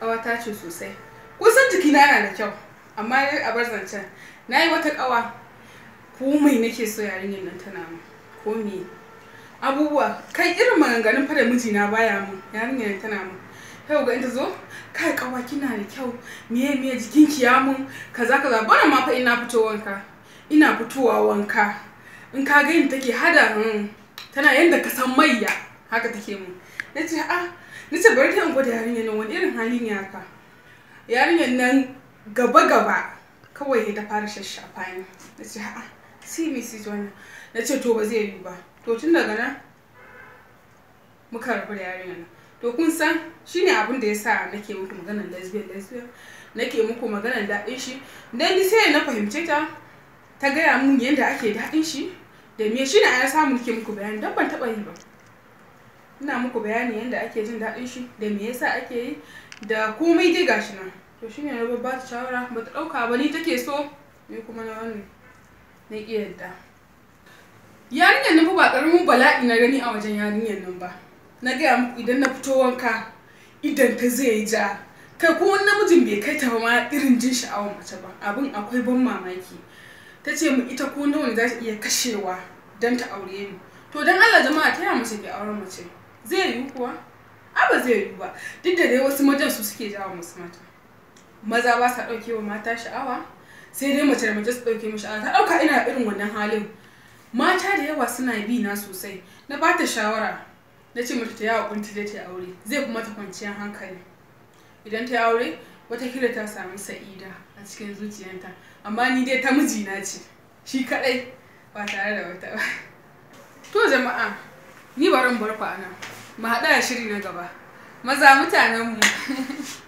ƙawata ce sosai Kusan san na yana da kyau amma a bar zancen na yi wata ƙawa mai nake so yarinyar nan tana mu me? abubuwa kai irin maganganun fa da mijina baya mu yarinyar nan tana mu kai ga in zo kai kawa kina da kyau miye miye jikinki ya mun kaza kaza bana ma fa ina fito wanka ina fitowa wanka in ka ga yin take hada hmm, tana yanda ka san mayya haka take mu na ce ah na ce bari ta in gwada yarinya nan wani irin halin ya ka yarinyar nan gaba gaba kawai ta fara shashafa ni na ce ah sai me sai wannan na ce to ba zai yi ba to tun daga nan muka rabu da yarinyar nan to kun san shine abin da na nake muku maganar lesbian lesbian nake muku maganar daɗin shi dan ni sai na fahimce ta ta gaya mun yadda ake daɗin shi da me ne a ya samu nake muku bayani dan ban taɓa yi ba ina muku bayani yadda ake jin daɗin shi da me yasa ake yi da komai dai gashi nan to shine na babba ta shawara ba ta ɗauka ba ni take so ni kuma na wannan na ƙi yadda yarinyar nan ba ƙaramin bala'i na gani a wajen yarinyar nan ba na gaya muku idan na fito wanka idan ta zai ja kai ko wani namijin bai kai ta ma irin jin sha'awar mace ba abin akwai ban mamaki ta ce mu ita ko nawa za ta iya kashewa don ta aure ni to don allah jama'a ta yaya mace ke auren mace zai yiwu kuwa a ba zai yiwu ba duk da dai wasu majan su suke jawo musu mata maza ba sa ɗauke wa mata sha'awa sai dai mace da mace su ɗauke mishi sha'awa ta ɗauka ina irin wannan halin mata da yawa suna bi na sosai na ba ta shawara na ce mace ta yawa kunti da ta yi aure zai kuma ta kwanciyar hankali idan ta yi aure watakila ta sami sa'ida a cikin zuciyarta amma ni dai ta na ce shi kaɗai ba tare da wata ba to jama'a ni barin barku a mu haɗu a shiri na gaba maza mutanen mu.